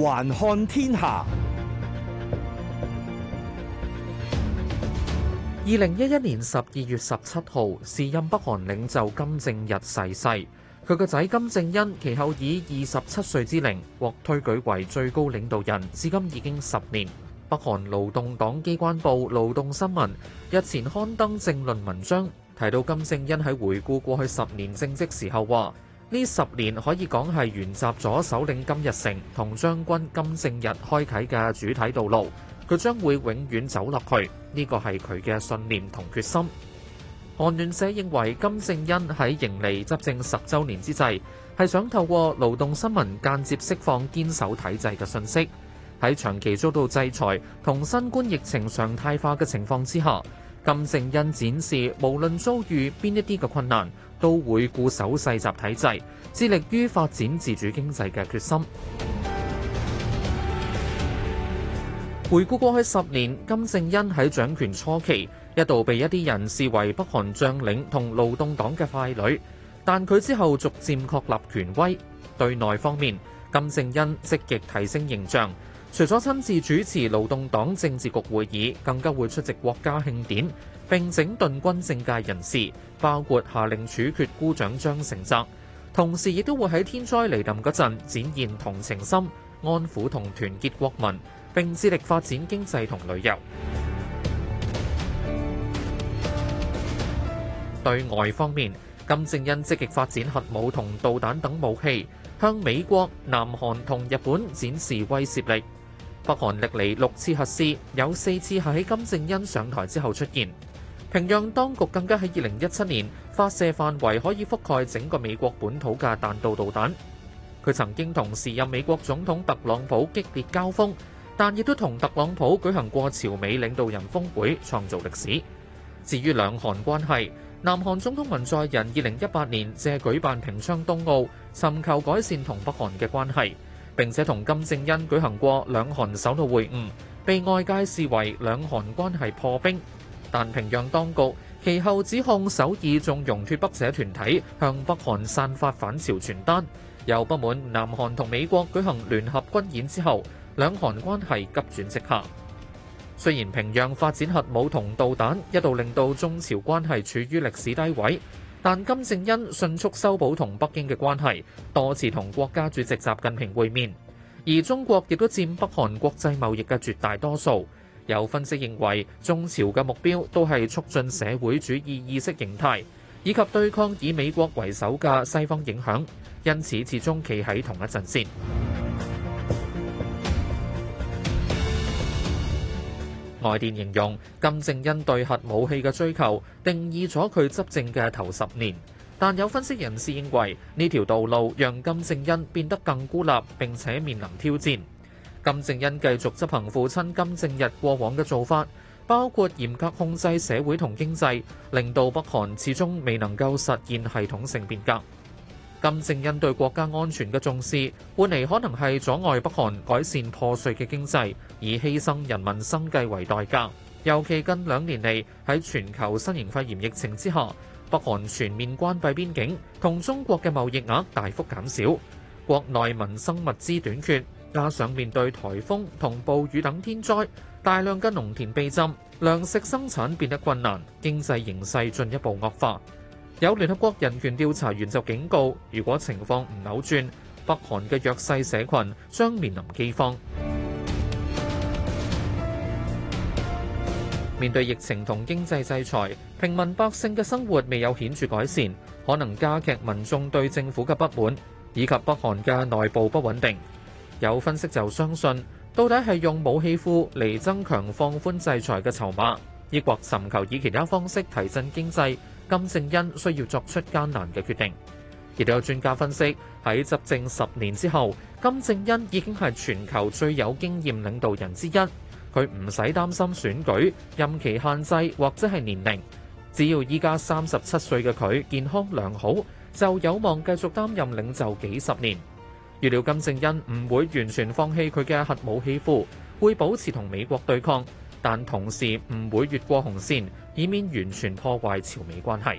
環看天下。二零一一年十二月十七號，時任北韓領袖金正日逝世，世。佢個仔金正恩，其後以二十七歲之齡獲推舉為最高領導人，至今已經十年。北韓勞動黨機關報《勞動新聞》日前刊登政論文章，提到金正恩喺回顧過去十年政績時候話。呢十年可以講係沿襲咗首領金日成同將軍金正日開啟嘅主體道路，佢將會永遠走落去。呢、這個係佢嘅信念同決心。韓聯社認為金正恩喺迎嚟執政十週年之際，係想透過勞動新聞間接釋放堅守體制嘅信息。喺長期遭到制裁同新冠疫情常態化嘅情況之下，金正恩展示，無論遭遇邊一啲嘅困難，都會固守世襲體制，致力於發展自主經濟嘅決心。 回顧過去十年，金正恩喺掌權初期一度被一啲人視為北韓將領同勞動黨嘅傀儡，但佢之後逐漸確立權威。對內方面，金正恩積極提升形象。除咗親自主持勞動黨政治局會議，更加會出席國家慶典，並整頓軍政界人士，包括下令處決姑丈張成澤。同時，亦都會喺天災嚟臨嗰陣，展現同情心、安撫同團結國民，並致力發展經濟同旅遊。 對外方面，金正恩積極發展核武同導彈等武器，向美國、南韓同日本展示威懾力。北韓歷嚟六次核試，有四次係喺金正恩上台之後出現，平壤當局更加喺二零一七年發射範圍可以覆蓋整個美國本土嘅彈道導彈。佢曾經同時任美國總統特朗普激烈交鋒，但亦都同特朗普舉行過朝美領導人峰會，創造歷史。至於兩韓關係，南韓總統文在寅二零一八年借舉辦平昌冬奧，尋求改善同北韓嘅關係。並且同金正恩舉行過兩韓首腦會晤，被外界視為兩韓關係破冰。但平壤當局其後指控首爾縱容脫北者團體向北韓散發反朝傳單，又不滿南韓同美國舉行聯合軍演之後，兩韓關係急轉直下。雖然平壤發展核武同導彈，一度令到中朝關係處於歷史低位。但金正恩迅速修補同北京嘅關係，多次同國家主席習近平會面，而中國亦都佔北韓國際貿易嘅絕大多數，有分析認為中朝嘅目標都係促進社會主義意識形態，以及對抗以美國為首嘅西方影響，因此始終企喺同一陣線。外電形容金正恩對核武器嘅追求，定義咗佢執政嘅頭十年。但有分析人士認為，呢條道路讓金正恩變得更孤立，並且面臨挑戰。金正恩繼續執行父親金正日過往嘅做法，包括嚴格控制社會同經濟，令到北韓始終未能夠實現系統性變革。金正恩對國家安全嘅重視，換嚟可能係阻礙北韓改善破碎嘅經濟，以犧牲人民生計為代價。尤其近兩年嚟喺全球新型肺炎疫情之下，北韓全面關閉邊境，同中國嘅貿易額大幅減少，國內民生物資短缺，加上面對颱風同暴雨等天災，大量嘅農田被浸，糧食生產變得困難，經濟形勢進一步惡化。有聯合國人權調查員就警告，如果情況唔扭轉，北韓嘅弱勢社群將面臨饑荒。面對疫情同經濟制裁，平民百姓嘅生活未有顯著改善，可能加劇民眾對政府嘅不滿，以及北韓嘅內部不穩定。有分析就相信，到底係用武器庫嚟增強放寬制裁嘅籌碼，抑或尋求以其他方式提振經濟？金正恩需要作出艱難嘅決定，亦都有專家分析，喺執政十年之後，金正恩已經係全球最有經驗領導人之一，佢唔使擔心選舉，任期限制或者係年齡，只要依家三十七歲嘅佢健康良好，就有望繼續擔任領袖幾十年。預料金正恩唔會完全放棄佢嘅核武器庫，會保持同美國對抗，但同時唔會越過紅線。以免完全破壞朝美關係。